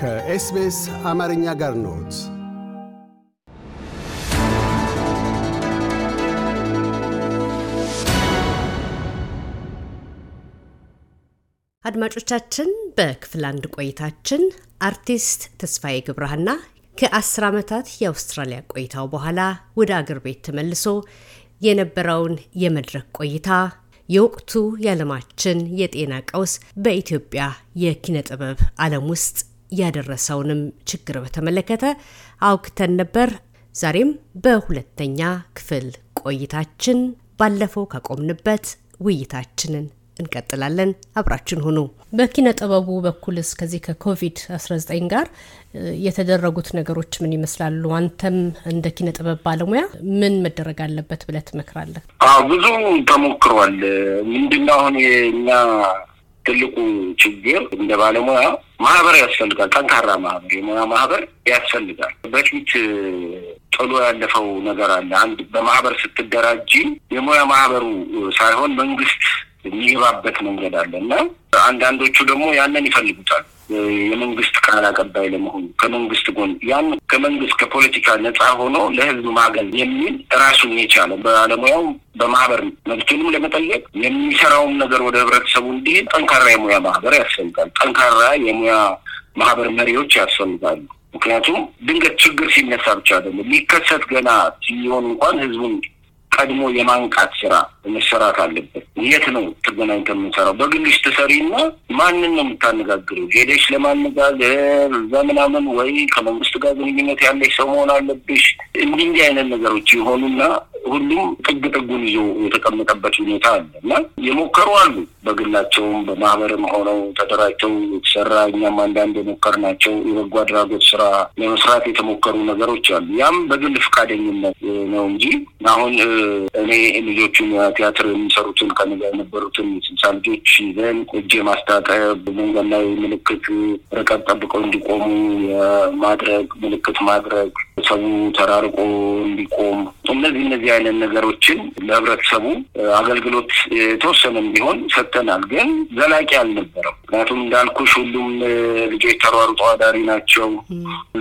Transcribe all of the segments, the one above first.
ከኤስቤስ አማርኛ ጋር ነት አድማጮቻችን በክፍል አንድ ቆይታችን አርቲስት ተስፋዬ ግብርሃና ከአስር ዓመታት የአውስትራሊያ ቆይታው በኋላ ወደ አገር ቤት ተመልሶ የነበረውን የመድረክ ቆይታ፣ የወቅቱ የዓለማችን የጤና ቀውስ በኢትዮጵያ የኪነ ጥበብ ዓለም ውስጥ ያደረሰውንም ችግር በተመለከተ አውግተን ነበር። ዛሬም በሁለተኛ ክፍል ቆይታችን ባለፈው ከቆምንበት ውይይታችንን እንቀጥላለን። አብራችን ሁኑ። በኪነ ጥበቡ በኩልስ ከዚህ ከኮቪድ-19 ጋር የተደረጉት ነገሮች ምን ይመስላሉ? አንተም እንደ ኪነ ጥበብ ባለሙያ ምን መደረግ አለበት ብለህ ትመክራለህ? ብዙ ተሞክሯል። ምንድነው አሁን የእኛ ትልቁ ችግር እንደ ባለሙያ ማህበር ያስፈልጋል። ጠንካራ ማህበር፣ የሙያ ማህበር ያስፈልጋል። በፊት ጥሎ ያለፈው ነገር አለ። አንድ በማህበር ስትደራጅ የሙያ ማህበሩ ሳይሆን መንግስት የሚገባበት መንገድ አለ እና አንዳንዶቹ ደግሞ ያንን ይፈልጉታል። የመንግስት ቃል አቀባይ ለመሆኑ ከመንግስት ጎን ያን ከመንግስት ከፖለቲካ ነፃ ሆኖ ለህዝብ ማገል የሚል ራሱን የቻለ በባለሙያው በማህበር መብትንም ለመጠየቅ የሚሰራውን ነገር ወደ ህብረተሰቡ እንዲሄድ ጠንካራ የሙያ ማህበር ያስፈልጋል። ጠንካራ የሙያ ማህበር መሪዎች ያስፈልጋሉ። ምክንያቱም ድንገት ችግር ሲነሳ ብቻ ደግሞ ሊከሰት ገና ሲሆን እንኳን ህዝቡን ቀድሞ የማንቃት ስራ መሰራት አለበት። የት ነው ተገናኝተን የምንሰራው? በግልሽ ትሰሪና ማንን ነው የምታነጋግረው? ሄደሽ ለማነጋገር እዛ ምናምን ወይ ከመንግስት ጋር ግንኙነት ያለሽ ሰው መሆን አለብሽ። እንዲህ እንዲህ አይነት ነገሮች የሆኑና ሁሉም ጥግ ጥጉን ይዞ የተቀመጠበት ሁኔታ አለ እና የሞከሩ አሉ በግላቸውም በማህበርም ሆነው ተደራጅተው የተሰራ እኛም አንዳንድ ናቸው። የበጎ አድራጎት ስራ ለመስራት የተሞከሩ ነገሮች አሉ። ያም በግል ፈቃደኝነት ነው እንጂ አሁን እኔ ልጆቹን ቲያትር የሚሰሩትን ከእኔ የነበሩትን ስልሳ ልጆች ይዘን እጄ ማስታጠብ፣ መንገድ ላይ ምልክት ርቀት ጠብቀው እንዲቆሙ የማድረግ ምልክት ማድረግ ሰው ተራርቆ እንዲቆም እነዚህ እነዚህ አይነት ነገሮችን ለህብረተሰቡ አገልግሎት የተወሰነም ቢሆን ሰጥተናል። ግን ዘላቂ አልነበረም። ምክንያቱም እንዳልኩሽ ሁሉም ልጆች ተሯሩ አዳሪ ናቸው።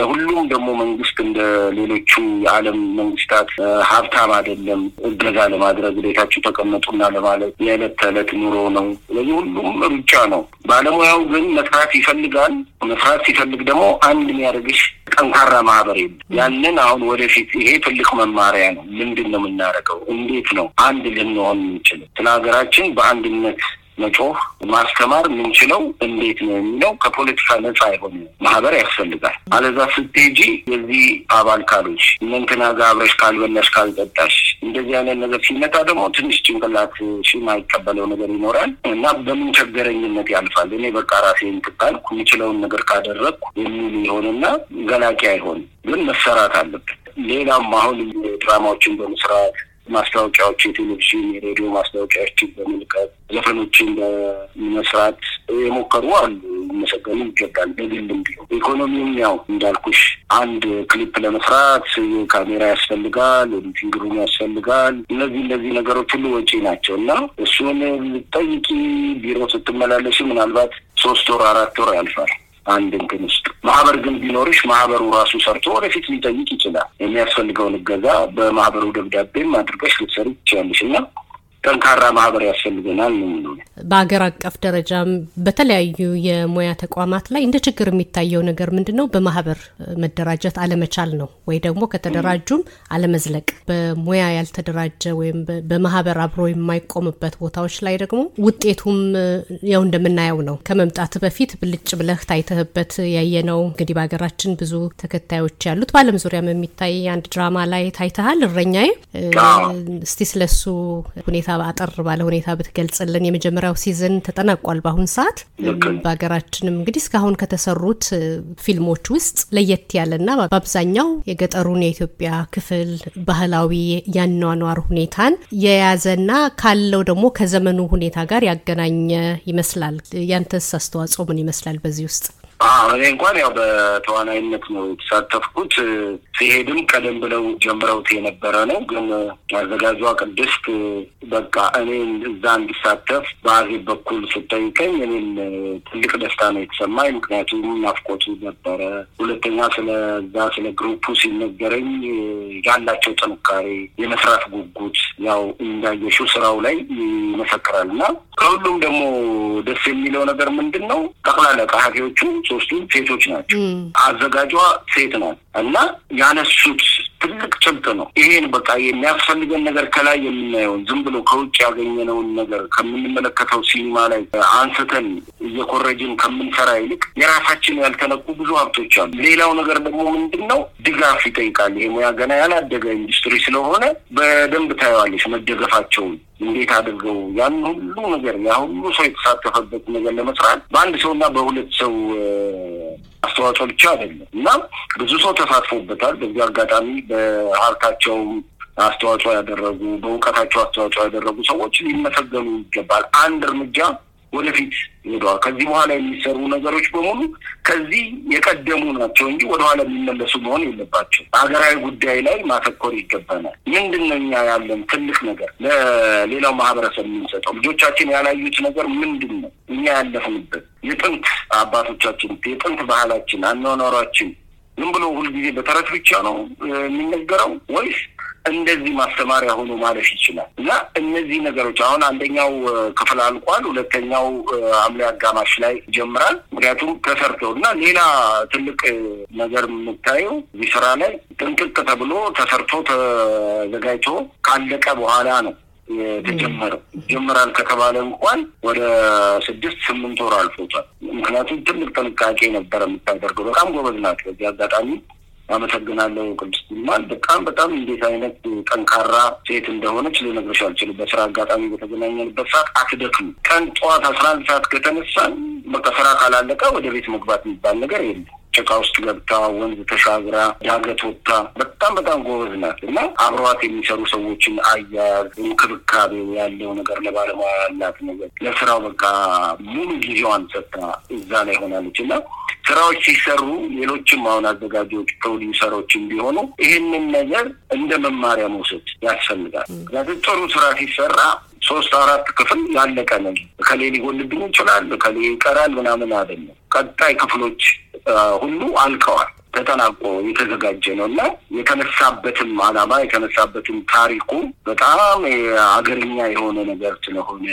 ለሁሉም ደግሞ መንግስት እንደ ሌሎቹ የዓለም መንግስታት ሀብታም አይደለም። እገዛ ለማድረግ ቤታቸው ተቀመጡና ለማለት የዕለት ተዕለት ኑሮ ነው። ስለዚህ ሁሉም ሩጫ ነው። ባለሙያው ግን መስራት ይፈልጋል። መስራት ሲፈልግ ደግሞ አንድ የሚያደርግሽ ጠንካራ ማህበር የለም። ያንን አሁን ወደፊት ይሄ ትልቅ መማሪያ ነው። ምንድን ነው የምናደርገው? እንዴት ነው አንድ ልንሆን የምንችለው? ስለ ሀገራችን በአንድነት መጮህ ማስተማር የምንችለው እንዴት ነው የሚለው ከፖለቲካ ነጻ የሆነ ማህበር ያስፈልጋል። አለዛ ስትሄጂ የዚህ አባል ካሎች እንትና ጋር አብረሽ ካልበላሽ ካልጠጣሽ እንደዚህ አይነት ነገር ሲመጣ ደግሞ ትንሽ ጭንቅላት የማይቀበለው ነገር ይኖራል እና በምን ቸገረኝነት ያልፋል እኔ በቃ ራሴን ትታልኩ የምችለውን ነገር ካደረግኩ የሚል ይሆንና ገላቂ አይሆንም። ግን መሰራት አለብን። ሌላም አሁን ድራማዎችን በመስራት ማስታወቂያዎችን፣ ቴሌቪዥን፣ የሬዲዮ ማስታወቂያዎችን በመልቀቅ ዘፈኖችን በመስራት የሞከሩ አሉ። መሰገኑ ይገባል። በግልም ቢሆን ኢኮኖሚውም ያው እንዳልኩሽ አንድ ክሊፕ ለመስራት ካሜራ ያስፈልጋል፣ ኤዲቲንግ ሩም ያስፈልጋል። እነዚህ እነዚህ ነገሮች ሁሉ ወጪ ናቸው እና እሱን ልጠይቂ ቢሮ ስትመላለሽ ምናልባት ሶስት ወር አራት ወር ያልፋል። አንድ እንትን ውስጥ ማህበር ግን ቢኖርሽ ማህበሩ ራሱ ሰርቶ ወደፊት ሊጠይቅ ይችላል። የሚያስፈልገውን እገዛ በማህበሩ ደብዳቤም አድርገሽ ልትሰሪ ትችላለሽ እና ጠንካራ ማህበር ያስፈልገናል ነው። በሀገር አቀፍ ደረጃም በተለያዩ የሙያ ተቋማት ላይ እንደ ችግር የሚታየው ነገር ምንድን ነው? በማህበር መደራጀት አለመቻል ነው፣ ወይ ደግሞ ከተደራጁም አለመዝለቅ። በሙያ ያልተደራጀ ወይም በማህበር አብሮ የማይቆምበት ቦታዎች ላይ ደግሞ ውጤቱም ያው እንደምናየው ነው። ከመምጣት በፊት ብልጭ ብለህ ታይተህበት ያየነው እንግዲህ በሀገራችን ብዙ ተከታዮች ያሉት በዓለም ዙሪያም የሚታይ አንድ ድራማ ላይ ታይተሃል እረኛዬ። እስቲ ስለሱ ሁኔታ አጠር ባለ ሁኔታ ብትገልጽልን። የመጀመሪያው ሲዝን ተጠናቋል በአሁን ሰዓት። በሀገራችንም እንግዲህ እስካሁን ከተሰሩት ፊልሞች ውስጥ ለየት ያለና በአብዛኛው የገጠሩን የኢትዮጵያ ክፍል ባህላዊ ያኗኗር ሁኔታን የያዘና ካለው ደግሞ ከዘመኑ ሁኔታ ጋር ያገናኘ ይመስላል። ያንተስ አስተዋጽኦ ምን ይመስላል በዚህ ውስጥ? እኔ እንኳን ያው በተዋናይነት ነው የተሳተፍኩት። ሲሄድም ቀደም ብለው ጀምረውት የነበረ ነው፣ ግን አዘጋጇ ቅድስት በቃ እኔ እዛ እንዲሳተፍ በአዜብ በኩል ስጠይቀኝ እኔም ትልቅ ደስታ ነው የተሰማኝ። ምክንያቱም ናፍቆቱ ነበረ። ሁለተኛ ስለዛ ስለ ግሩፑ ሲነገረኝ ያላቸው ጥንካሬ፣ የመስራት ጉጉት ያው እንዳየሽው ስራው ላይ ይመሰክራል እና ከሁሉም ደግሞ ደስ የሚለው ነገር ምንድን ነው ጠቅላላ ጸሐፊዎቹ ሶስቱም ሴቶች ናቸው። አዘጋጇ ሴት ናት እና ያነሱት ትልቅ ጭብጥ ነው። ይሄን በቃ የሚያስፈልገን ነገር ከላይ የምናየውን ዝም ብሎ ከውጭ ያገኘነውን ነገር ከምንመለከተው ሲኒማ ላይ አንስተን እየኮረጅን ከምንሰራ ይልቅ የራሳችን ያልተነኩ ብዙ ሀብቶች አሉ። ሌላው ነገር ደግሞ ምንድን ነው ድጋፍ ይጠይቃል። ይሄ ሙያ ገና ያላደገ ኢንዱስትሪ ስለሆነ በደንብ ታየዋለች መደገፋቸውን እንዴት አድርገው ያን ሁሉ ነገር ያ ሁሉ ሰው የተሳተፈበት ነገር ለመስራት በአንድ ሰውና በሁለት ሰው አስተዋጽኦ ብቻ አይደለም እና ብዙ ሰው ተሳትፎበታል። በዚህ አጋጣሚ በሀብታቸው አስተዋጽኦ ያደረጉ፣ በእውቀታቸው አስተዋጽኦ ያደረጉ ሰዎች ሊመሰገኑ ይገባል። አንድ እርምጃ ወደፊት ሄደዋል። ከዚህ በኋላ የሚሰሩ ነገሮች በሙሉ ከዚህ የቀደሙ ናቸው እንጂ ወደኋላ የሚመለሱ መሆን የለባቸው። ሀገራዊ ጉዳይ ላይ ማተኮር ይገባናል። ምንድን ነው እኛ ያለን ትልቅ ነገር ለሌላው ማህበረሰብ የምንሰጠው? ልጆቻችን ያላዩት ነገር ምንድን ነው? እኛ ያለፍንበት የጥንት አባቶቻችን የጥንት ባህላችን፣ አኗኗሯችን ዝም ብሎ ሁልጊዜ በተረት ብቻ ነው የሚነገረው ወይስ እንደዚህ ማስተማሪያ ሆኖ ማለፍ ይችላል እና እነዚህ ነገሮች አሁን አንደኛው ክፍል አልቋል። ሁለተኛው ሐምሌ አጋማሽ ላይ ጀምራል ምክንያቱም ተሰርተው እና ሌላ ትልቅ ነገር የምታየው እዚህ ስራ ላይ ጥንቅቅ ተብሎ ተሰርቶ ተዘጋጅቶ ካለቀ በኋላ ነው የተጀመረው ጀምራል ከተባለ እንኳን ወደ ስድስት ስምንት ወር አልፎቷል። ምክንያቱም ትልቅ ጥንቃቄ ነበር የምታደርገው። በጣም ጎበዝ ናት። በዚህ አጋጣሚ አመሰግናለሁ ቅዱስ ግርማን በጣም በጣም እንዴት አይነት ጠንካራ ሴት እንደሆነች ልነግርሽ አልችልም። በስራ አጋጣሚ በተገናኘንበት ሰዓት አትደክም። ቀን ጠዋት አስራ አንድ ሰዓት ከተነሳን በቃ ስራ ካላለቀ ወደ ቤት መግባት የሚባል ነገር የለም። ጭቃ ውስጥ ገብታ ወንዝ ተሻግራ ዳገት ወጥታ በጣም በጣም ጎበዝ ናት እና አብረዋት የሚሰሩ ሰዎችን አያያዝ፣ እንክብካቤ ያለው ነገር ለባለሙያ ያላት ነገር ለስራው በቃ ሙሉ ጊዜዋን ሰጥታ እዛ ላይ ሆናለች እና ስራዎች ሲሰሩ ሌሎችም አሁን አዘጋጆች ፕሮዲውሰሮችም ቢሆኑ ይህንን ነገር እንደ መማሪያ መውሰድ ያስፈልጋል። ምክንያቱም ጥሩ ስራ ሲሰራ ሶስት አራት ክፍል ያለቀ ነው። ከሌ ሊጎልብኝ ይችላል፣ ከሌ ይቀራል ምናምን አይደለም። ቀጣይ ክፍሎች ሁሉ አልቀዋል ተጠናቆ የተዘጋጀ ነው እና የተነሳበትም አላማ የተነሳበትም ታሪኩ በጣም አገርኛ የሆነ ነገር ስለሆነ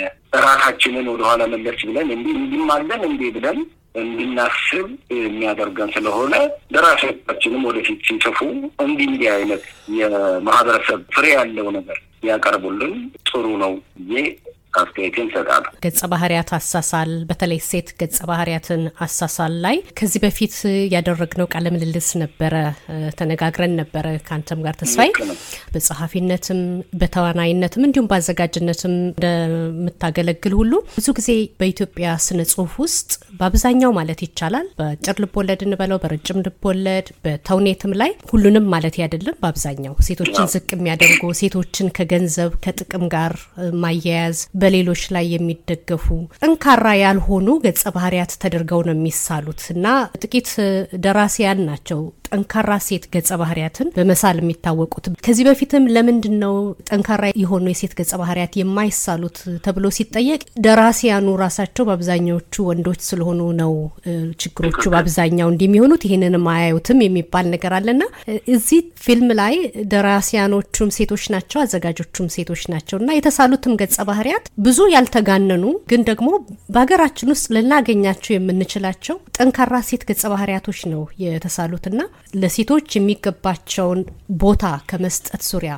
ራሳችንን ወደኋላ መለስ ብለን እንዲህ እንዲማለን እንዲህ ብለን እንድናስብ የሚያደርገን ስለሆነ ደራሲዎቻችንም ወደፊት ሲጽፉ እንዲህ እንዲህ አይነት የማህበረሰብ ፍሬ ያለው ነገር ያቀርቡልን ጥሩ ነው ብዬ አስተያየትን ይሰጣሉ። ገጸ ባህሪያት አሳሳል፣ በተለይ ሴት ገጸ ባህሪያትን አሳሳል ላይ ከዚህ በፊት ያደረግነው ቃለ ምልልስ ነበረ፣ ተነጋግረን ነበረ ከአንተም ጋር ተስፋይ በጸሐፊነትም በተዋናይነትም እንዲሁም በአዘጋጅነትም እንደምታገለግል ሁሉ ብዙ ጊዜ በኢትዮጵያ ስነ ጽሁፍ ውስጥ በአብዛኛው ማለት ይቻላል በአጭር ልቦለድ እንበለው፣ በረጅም ልቦለድ፣ በተውኔትም ላይ ሁሉንም ማለት አይደለም፣ በአብዛኛው ሴቶችን ዝቅ የሚያደርጉ ሴቶችን ከገንዘብ ከጥቅም ጋር ማያያዝ በሌሎች ላይ የሚደገፉ ጠንካራ ያልሆኑ ገጸ ባህሪያት ተደርገው ነው የሚሳሉት እና ጥቂት ደራሲያን ናቸው ጠንካራ ሴት ገጸ ባህሪያትን በመሳል የሚታወቁት ከዚህ በፊትም ለምንድን ነው ጠንካራ የሆኑ የሴት ገጸ ባህሪያት የማይሳሉት ተብሎ ሲጠየቅ ደራሲያኑ ራሳቸው በአብዛኛዎቹ ወንዶች ስለሆኑ ነው ችግሮቹ በአብዛኛው እንደሚሆኑት ይህንንም አያዩትም የሚባል ነገር አለና እዚህ ፊልም ላይ ደራሲያኖቹም ሴቶች ናቸው፣ አዘጋጆቹም ሴቶች ናቸው እና የተሳሉትም ገጸ ባህሪያት ብዙ ያልተጋነኑ ግን ደግሞ በሀገራችን ውስጥ ልናገኛቸው የምንችላቸው ጠንካራ ሴት ገጸ ባህሪያቶች ነው የተሳሉትና ለሴቶች የሚገባቸውን ቦታ ከመስጠት ዙሪያ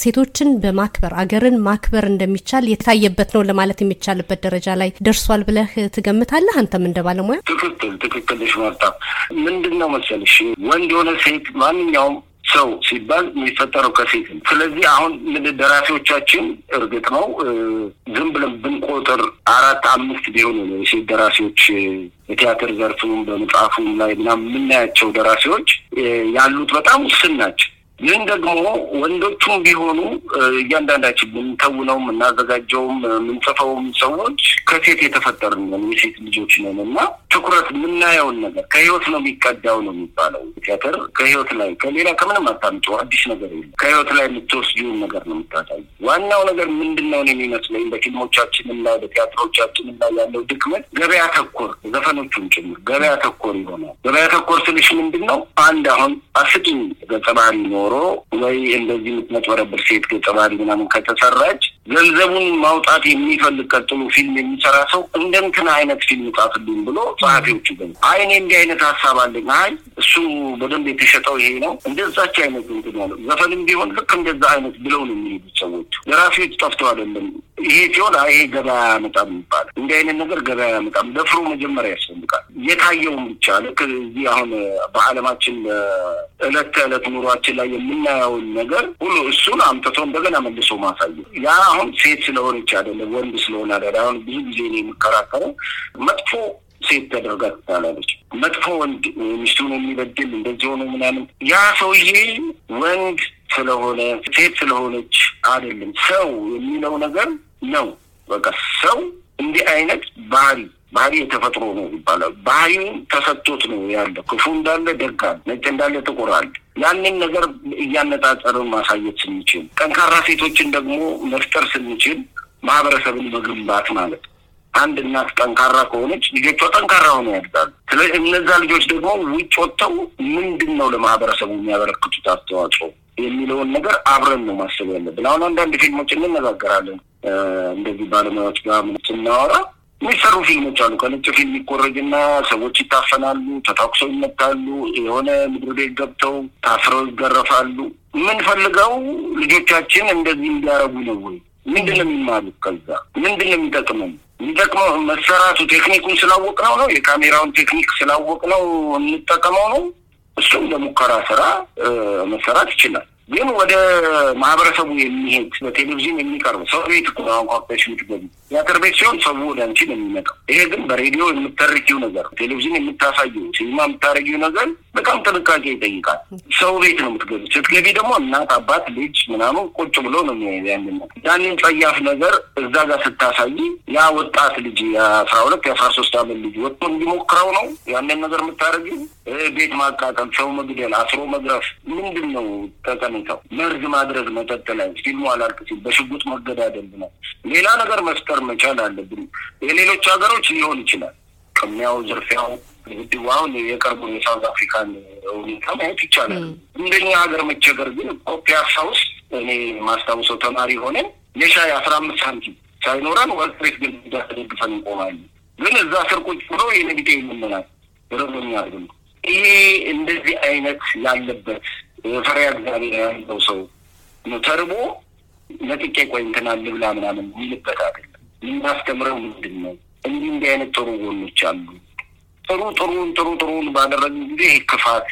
ሴቶችን በማክበር አገርን ማክበር እንደሚቻል የታየበት ነው ለማለት የሚቻልበት ደረጃ ላይ ደርሷል ብለህ ትገምታለህ? አንተም እንደ ባለሙያ ትክክል ትክክልሽ መርታ ምንድን ነው መሰልሽ ወንድ የሆነ ሴት ማንኛውም ሰው ሲባል የሚፈጠረው ከሴት ነው። ስለዚህ አሁን ምን ደራሲዎቻችን እርግጥ ነው ዝም ብለን ብንቆጥር አራት አምስት ቢሆኑ ነው የሴት ደራሲዎች የቲያትር ዘርፉም በመጽሐፉም ላይ ምናምን የምናያቸው ደራሲዎች ያሉት በጣም ውስን ናቸው። ይህን ደግሞ ወንዶቹም ቢሆኑ እያንዳንዳችን የምንተውነውም የምናዘጋጀውም የምንጽፈውም ሰዎች ከሴት የተፈጠርን ነን፣ የሴት ልጆች ነን እና ትኩረት የምናየውን ነገር ከህይወት ነው የሚቀዳው ነው የሚባለው። ቲያትር ከህይወት ላይ ከሌላ ከምንም አታምጪው አዲስ ነገር የለም። ከህይወት ላይ የምትወስጂውን ነገር ነው የምታሳይ። ዋናው ነገር ምንድን ነው የሚመስለኝ በፊልሞቻችን ላይ በቲያትሮቻችን ላይ ያለው ድክመት ገበያ ተኮር፣ ዘፈኖቹም ጭምር ገበያ ተኮር ይሆናል። ገበያ ተኮር ስልሽ ምንድን ነው አንድ አሁን አስቂኝ ገጸ ባህሪ ኖሮ ኖሮ ወይ እንደዚህ የምትመጭበረብር ሴት ገጸባሪ ምናምን ከተሰራች ገንዘቡን ማውጣት የሚፈልግ ቀጥሎ ፊልም የሚሰራ ሰው እንደ እንትና አይነት ፊልም ጻፍልኝ ብሎ ጸሐፊዎቹ ገ አይኔ እንዲህ አይነት ሀሳብ አለኝ አይ እሱ በደንብ የተሸጠው ይሄ ነው እንደዛች አይነት እንትን ያለ ዘፈንም ቢሆን ልክ እንደዛ አይነት ብለው ነው የሚሄዱት ሰዎች። ደራሲዎች ጠፍተው አይደለም ይሄ ሲሆን ይሄ ገበያ ያመጣም ይባላል። እንዲህ አይነት ነገር ገበያ ያመጣም። ደፍሮ መጀመሪያ ያስፈልጋል። የታየውን ብቻ ልክ እዚህ አሁን በዓለማችን እለት ተዕለት ኑሯችን ላይ የምናየውን ነገር ሁሉ እሱን አምጥቶ እንደገና መልሶ ማሳየ ያ አሁን ሴት ስለሆነች አይደለም ወንድ ስለሆነ አይደለ። አሁን ብዙ ጊዜ ነው የምከራከረው መጥፎ ሴት ተደርጋ ትታላለች። መጥፎ ወንድ ሚስቱን የሚበድል እንደዚህ ሆኖ ምናምን ያ ሰውዬ ወንድ ስለሆነ ሴት ስለሆነች አይደለም ሰው የሚለው ነገር ነው። በቃ ሰው እንዲህ አይነት ባህሪ ባህሪ የተፈጥሮ ነው ይባላል። ባህሪው ተሰጥቶት ነው ያለ። ክፉ እንዳለ ደግ አለ፣ ነጭ እንዳለ ጥቁር አለ። ያንን ነገር እያነጣጠርን ማሳየት ስንችል፣ ጠንካራ ሴቶችን ደግሞ መፍጠር ስንችል ማህበረሰብን መገንባት ማለት አንድ እናት ጠንካራ ከሆነች ልጆቿ ጠንካራ ሆነ ያድጋሉ። ስለዚህ እነዛ ልጆች ደግሞ ውጭ ወጥተው ምንድን ነው ለማህበረሰቡ የሚያበረክቱት አስተዋጽኦ የሚለውን ነገር አብረን ነው ማሰብ ያለብን። አሁን አንዳንድ ፊልሞች እንነጋገራለን እንደዚህ ባለሙያዎች ጋር ስናወራ የሚሰሩ ፊልሞች አሉ። ከነጭ ፊልም ይቆረጅና ሰዎች ይታፈናሉ፣ ተታኩሰው ይመታሉ፣ የሆነ ምድር ቤት ገብተው ታስረው ይገረፋሉ። የምንፈልገው ልጆቻችን እንደዚህ እንዲያረጉ ነው ወይ? ምንድን ነው የሚማሩት? ከዛ ምንድን ነው የሚጠቅመን? የሚጠቅመው መሰራቱ ቴክኒኩን ስላወቅ ነው ነው የካሜራውን ቴክኒክ ስላወቅ ነው የምንጠቀመው ነው። እሱም ለሙከራ ስራ መሰራት ይችላል። ግን ወደ ማህበረሰቡ የሚሄድ በቴሌቪዥን የሚቀርብ ሰው ቤት እኮ ኮርፖሬሽን የምትገቢ ቲያትር ቤት ሲሆን ሰው ወደ አንቺ ነው የሚመጣው። ይሄ ግን በሬዲዮ የምተርኪው ነገር፣ ቴሌቪዥን የምታሳየው፣ ሲኒማ የምታረጊው ነገር በጣም ጥንቃቄ ይጠይቃል። ሰው ቤት ነው የምትገቢ። ስትገቢ ደግሞ እናት፣ አባት፣ ልጅ ምናምን ቁጭ ብሎ ነው ያንን ያንን ጸያፍ ነገር እዛ ጋር ስታሳይ ያ ወጣት ልጅ የአስራ ሁለት የአስራ ሶስት አመት ልጅ ወጥቶ እንዲሞክረው ነው ያንን ነገር የምታደርጊው። ቤት ማቃጠል፣ ሰው መግደል፣ አስሮ መግረፍ ምንድን ነው ተቀ ጠቀሜታው መርዝ ማድረግ መጠጥ ላይ ሲልሙ አላልቅ ሲል በሽጉጥ መገዳደል ነው። ሌላ ነገር መፍጠር መቻል አለብን። የሌሎች ሀገሮች ሊሆን ይችላል። ቅሚያው፣ ዝርፊያው፣ ድብድቡ አሁን የቀርቡን የሳውዝ አፍሪካን ሁኔታ ማየት ይቻላል። እንደኛ ሀገር መቸገር ግን ፒያሳ ውስጥ እኔ ማስታውሰው ተማሪ ሆነን የሻይ አስራ አምስት ሳንቲም ሳይኖረን ወርትሬት ግድግዳ ተደግፈን እንቆማለን። ግን እዛ ስር ቁጭ ብሎ የንግዴ የምንላል ረዞኛ ይሄ እንደዚህ አይነት ያለበት ፈሪሃ እግዚአብሔር ያለው ሰው ተርቦ ለጥቄ ቆይ እንትና ልብላ ምናምን የሚልበት አይደለም። የምናስተምረው ምንድን ነው? እንዲህ እንዲህ አይነት ጥሩ ጎኖች አሉ። ጥሩ ጥሩን ጥሩ ጥሩን ባደረግን ጊዜ ክፋት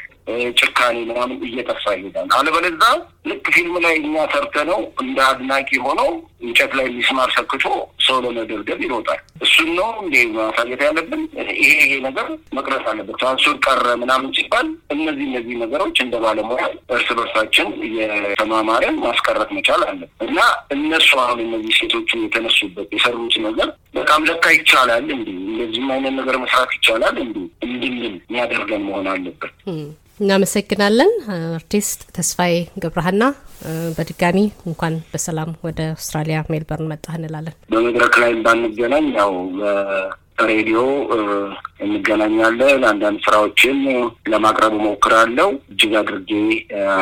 ጭካኔ ምናምን እየጠፋ ይሄዳል። አለበለዛ ልክ ፊልም ላይ እኛ ሰርተ ነው እንደ አድናቂ ሆነው እንጨት ላይ ሚስማር ሰክቶ ሰው ለመደብደብ ይሮጣል። እሱን ነው እንዴ ማሳየት ያለብን? ይሄ ይሄ ነገር መቅረት አለበት፣ ሳንሱር ቀረ ምናምን ሲባል እነዚህ እነዚህ ነገሮች እንደ ባለሙያ እርስ በርሳችን የተማማረን ማስቀረት መቻል አለ እና እነሱ አሁን እነዚህ ሴቶቹ የተነሱበት የሰሩት ነገር በጣም ለካ ይቻላል እንዲ እንደዚህም አይነት ነገር መስራት ይቻላል እንዲ እንድንል የሚያደርገን መሆን አለበት። እናመሰግናለን። አርቲስት ተስፋዬ ገብረሃና በድጋሚ እንኳን በሰላም ወደ አውስትራሊያ ሜልበርን መጣህ እንላለን። በመድረክ ላይ እንዳንገናኝ ያው ሬዲዮ እንገናኛለን። አንዳንድ ስራዎችን ለማቅረብ ሞክራለው እጅግ አድርጌ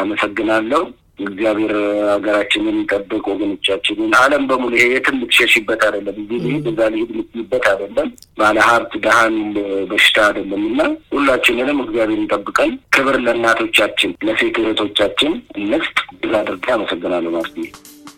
አመሰግናለው። እግዚአብሔር ሀገራችንን ይጠብቅ፣ ወገኖቻችንን፣ ዓለም በሙሉ ይሄ የትም ልትሸሽበት አይደለም፣ እዚህ ልሂድ እዛ ልሂድ ልትይበት አይደለም፣ ባለ ሀብት ድሃን በሽታ አይደለም እና ሁላችንንም እግዚአብሔር ይጠብቀን። ክብር ለእናቶቻችን፣ ለሴት እህቶቻችን እንስጥ። ብዛ አድርጌ አመሰግናለሁ ማለት ነው።